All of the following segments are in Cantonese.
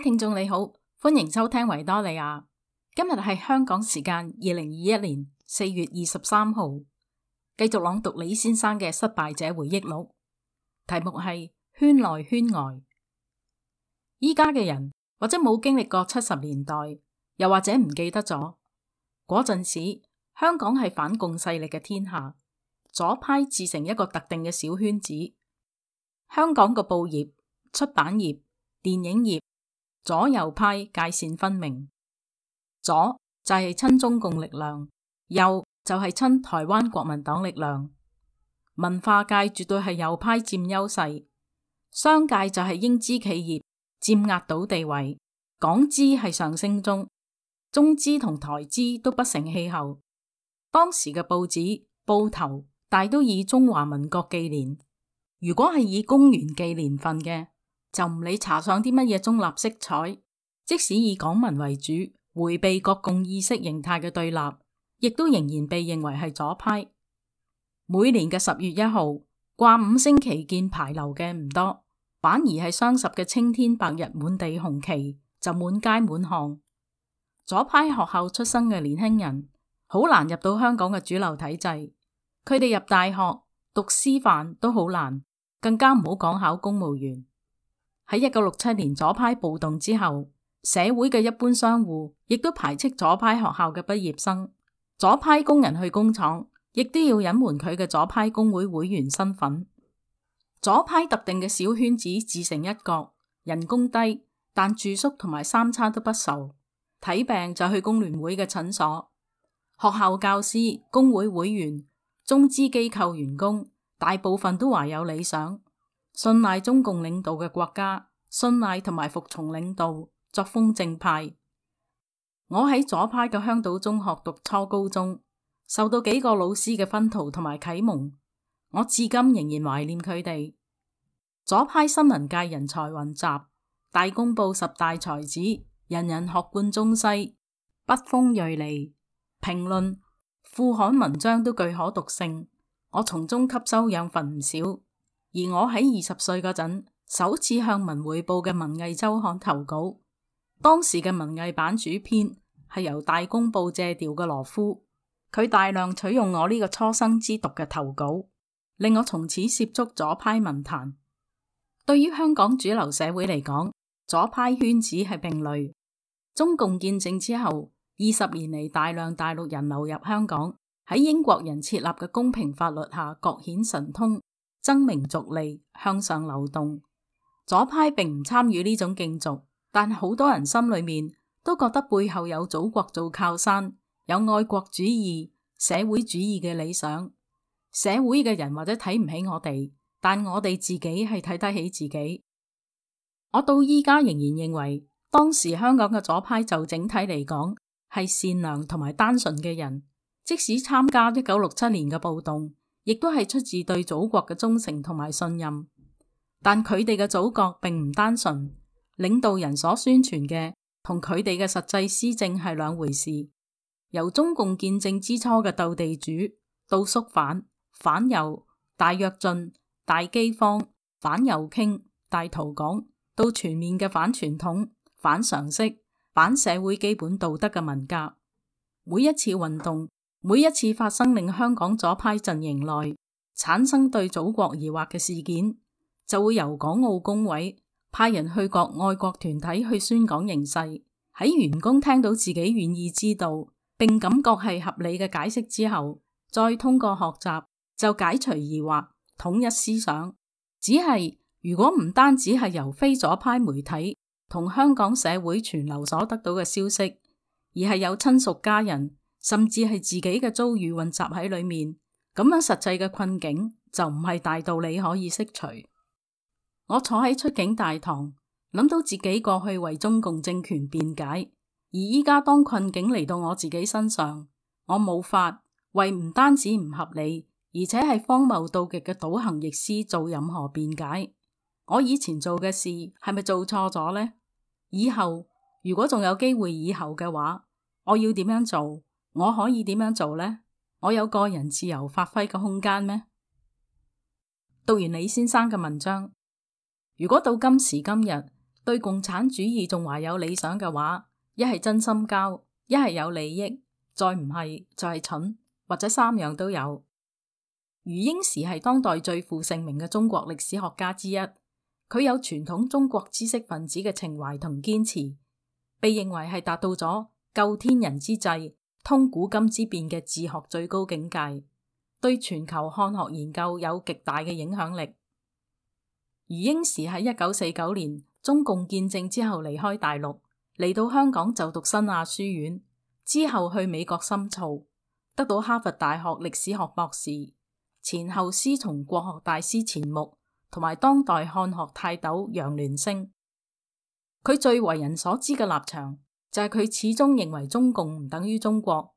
聽眾你好，歡迎收聽維多利亞。今日係香港時間二零二一年四月二十三號，繼續朗讀李先生嘅失敗者回憶錄，題目係圈內圈外。依家嘅人或者冇經歷過七十年代，又或者唔記得咗嗰陣時，香港係反共勢力嘅天下，左派自成一個特定嘅小圈子。香港個報業、出版業、電影業。左右派界線分明，左就係親中共力量，右就係親台灣國民黨力量。文化界絕對係右派佔優勢，商界就係英資企業佔壓倒地位，港資係上升中，中資同台資都不成氣候。當時嘅報紙報頭大都以中華民國紀年，如果係以公元紀年份嘅，就唔理查上啲乜嘢中立色彩，即使以港民為主，回避國共意識形態嘅對立，亦都仍然被認為係左派。每年嘅十月一號掛五星旗見牌樓嘅唔多，反而係雙十嘅青天白日滿地紅旗就滿街滿巷。左派學校出身嘅年輕人好難入到香港嘅主流體制，佢哋入大學讀師範都好難，更加唔好講考公務員。喺一九六七年左派暴動之後，社會嘅一般商戶亦都排斥左派學校嘅畢業生，左派工人去工廠亦都要隱瞞佢嘅左派工會會員身份。左派特定嘅小圈子自成一角，人工低，但住宿同埋三餐都不愁，睇病就去工聯會嘅診所。學校教師、工會會員、中資機構員工，大部分都懷有理想。信賴中共領導嘅國家，信賴同埋服從領導，作風正派。我喺左派嘅香島中學讀初高中，受到幾個老師嘅熏陶同埋啟蒙，我至今仍然懷念佢哋。左派新聞界人才雲集，大公報十大才子，人人學貫中西，筆鋒銳利，評論、副刊文章都具可讀性，我從中吸收養分唔少。而我喺二十歲嗰陣，首次向文匯報嘅文藝周刊投稿。當時嘅文藝版主編係由大公報借調嘅羅夫，佢大量取用我呢個初生之犢嘅投稿，令我從此涉足左派文壇。對於香港主流社會嚟講，左派圈子係並類。中共建政之後，二十年嚟大量大陸人流入香港，喺英國人設立嘅公平法律下，各顯神通。爭名逐利，向上流動，左派並唔參與呢種競逐，但好多人心裏面都覺得背後有祖國做靠山，有愛國主義、社會主義嘅理想。社會嘅人或者睇唔起我哋，但我哋自己係睇得起自己。我到依家仍然認為，當時香港嘅左派就整體嚟講係善良同埋單純嘅人，即使參加一九六七年嘅暴動。亦都係出自對祖國嘅忠誠同埋信任，但佢哋嘅祖國並唔單純，領導人所宣傳嘅同佢哋嘅實際施政係兩回事。由中共建政之初嘅鬥地主到肅反反右大躍進、大饑荒、反右傾、大逃港，到全面嘅反傳統反常識反社會基本道德嘅文革，每一次運動。每一次發生令香港左派陣營內產生對祖國疑惑嘅事件，就會由港澳工委派人去各愛國團體去宣講形勢。喺員工聽到自己願意知道並感覺係合理嘅解釋之後，再通過學習就解除疑惑，統一思想。只係如果唔單止係由非左派媒體同香港社會傳流所得到嘅消息，而係有親屬家人。甚至係自己嘅遭遇混雜喺裏面，咁樣實際嘅困境就唔係大道理可以釋除。我坐喺出境大堂，諗到自己過去為中共政權辯解，而依家當困境嚟到我自己身上，我冇法為唔單止唔合理，而且係荒謬到極嘅倒行逆施做任何辯解。我以前做嘅事係咪做錯咗呢？以後如果仲有機會以後嘅話，我要點樣做？我可以點樣做呢？我有個人自由發揮嘅空間咩？讀完李先生嘅文章，如果到今時今日對共產主義仲懷有理想嘅話，一係真心交，一係有利益，再唔係就係蠢，或者三樣都有。余英時係當代最負盛名嘅中國歷史學家之一，佢有傳統中國知識分子嘅情懷同堅持，被認為係達到咗救天人之際，通古今之變嘅自學最高境界，對全球漢學研究有極大嘅影響力。余英時喺一九四九年中共建政之後離開大陸，嚟到香港就讀新亞書院，之後去美國深造，得到哈佛大學歷史學博士，前後師從國學大師錢穆同埋當代漢學泰斗楊聯升。佢最為人所知嘅立場。就係佢始終認為中共唔等於中國，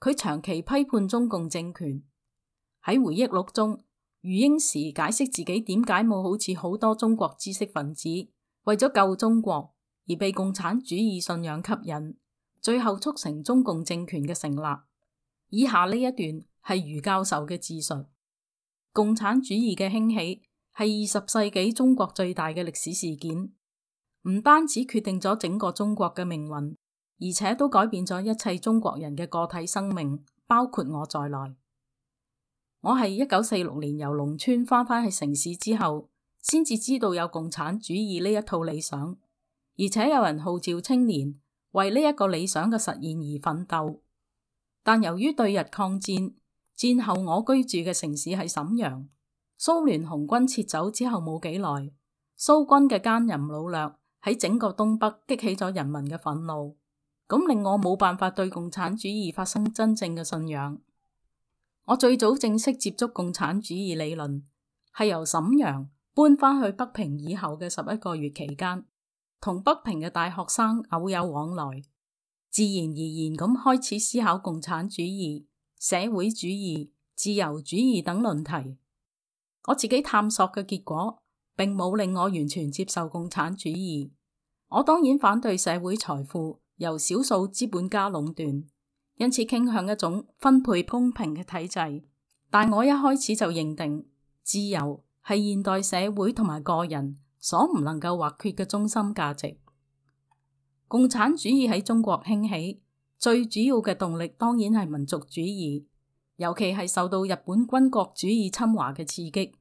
佢長期批判中共政權。喺回憶錄中，余英時解釋自己點解冇好似好多中國知識分子為咗救中國而被共產主義信仰吸引，最後促成中共政權嘅成立。以下呢一段係余教授嘅自述，共產主義嘅興起係二十世紀中國最大嘅歷史事件。唔單止決定咗整個中國嘅命運，而且都改變咗一切中國人嘅個體生命，包括我在內。我係一九四六年由農村翻返去城市之後，先至知道有共產主義呢一套理想，而且有人號召青年為呢一個理想嘅實現而奮鬥。但由於對日抗戰，戰後我居住嘅城市係沈陽，蘇聯紅軍撤走之後冇幾耐，蘇軍嘅奸淫擄掠。喺整個東北激起咗人民嘅憤怒，咁令我冇辦法對共產主義發生真正嘅信仰。我最早正式接觸共產主義理論，係由瀋陽搬返去北平以後嘅十一個月期間，同北平嘅大學生偶有往來，自然而然咁開始思考共產主義、社會主義、自由主義等論題。我自己探索嘅結果。並冇令我完全接受共產主義，我當然反對社會財富由少數資本家壟斷，因此傾向一種分配公平嘅體制。但我一開始就認定自由係現代社會同埋個人所唔能夠或缺嘅中心價值。共產主義喺中國興起，最主要嘅動力當然係民族主義，尤其係受到日本軍國主義侵華嘅刺激。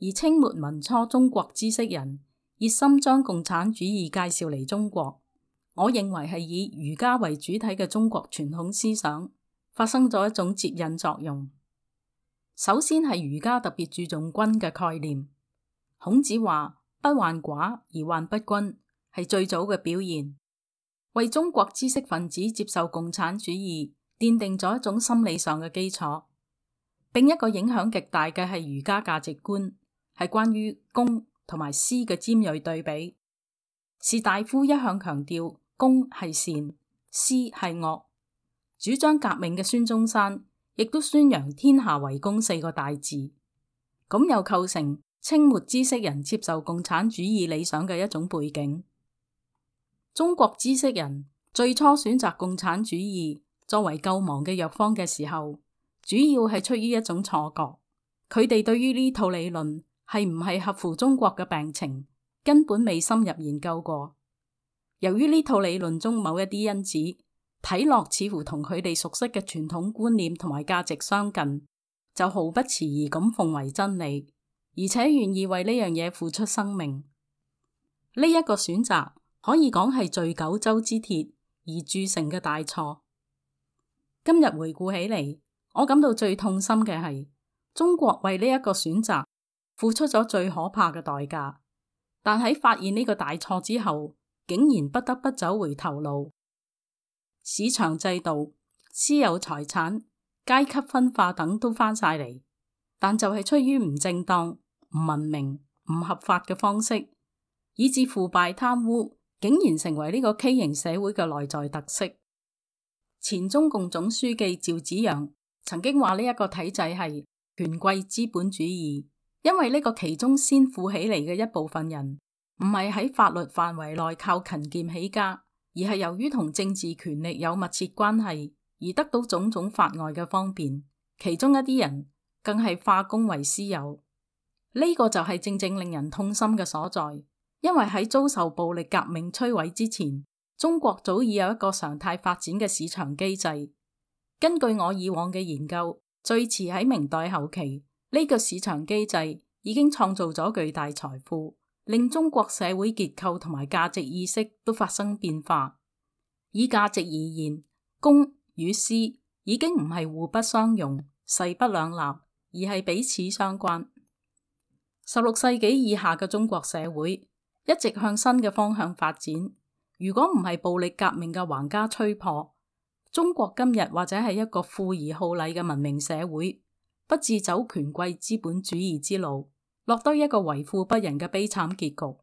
而清末民初中國知識人熱心將共產主義介紹嚟中國，我認為係以儒家為主體嘅中國傳統思想發生咗一種接引作用。首先係儒家特別注重均嘅概念，孔子話不患寡而患不均，係最早嘅表現，為中國知識分子接受共產主義奠定咗一種心理上嘅基礎，另一個影響極大嘅係儒家價值觀。係關於公同埋私嘅尖銳對比，士大夫一向強調公係善，私係惡。主張革命嘅孫中山亦都宣揚天下為公四個大字，咁又構成清末知識人接受共產主義理想嘅一種背景。中國知識人最初選擇共產主義作為救亡嘅藥方嘅時候，主要係出於一種錯覺，佢哋對於呢套理論。係唔係合乎中國嘅病情？根本未深入研究過。由於呢套理論中某一啲因子睇落似乎同佢哋熟悉嘅傳統觀念同埋價值相近，就毫不遲疑咁奉為真理，而且願意為呢樣嘢付出生命。呢、這、一個選擇可以講係聚九州之鐵而鑄成嘅大錯。今日回顧起嚟，我感到最痛心嘅係中國為呢一個選擇付出咗最可怕嘅代價，但喺發現呢個大錯之後，竟然不得不走回頭路。市場制度、私有財產、階級分化等都翻晒嚟，但就係出於唔正當、唔文明、唔合法嘅方式，以致腐敗貪污竟然成為呢個畸形社會嘅內在特色。前中共總書記趙紫陽曾經話：呢一個體制係權貴資本主義。因為呢個其中先富起嚟嘅一部分人，唔係喺法律範圍內靠勤儉起家，而係由於同政治權力有密切關係而得到種種法外嘅方便。其中一啲人更係化公為私有，呢個就係正正令人痛心嘅所在。因為喺遭受暴力革命摧毀之前，中國早已有一個常態發展嘅市場機制。根據我以往嘅研究，最遲喺明代後期。呢個市場機制已經創造咗巨大財富，令中國社會結構同埋價值意識都發生變化。以價值而言，公與私已經唔係互不相容、勢不兩立，而係彼此相關。十六世紀以下嘅中國社會一直向新嘅方向發展。如果唔係暴力革命嘅橫加摧破，中國今日或者係一個富而好禮嘅文明社會。不致走權貴資本主義之路，落得一個為富不仁嘅悲慘結局。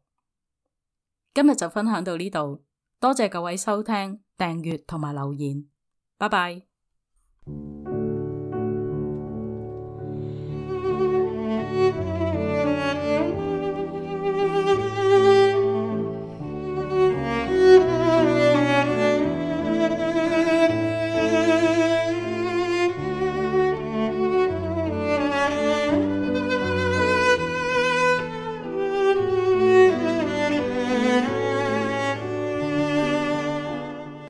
今日就分享到呢度，多謝各位收聽、訂閱同埋留言，拜拜。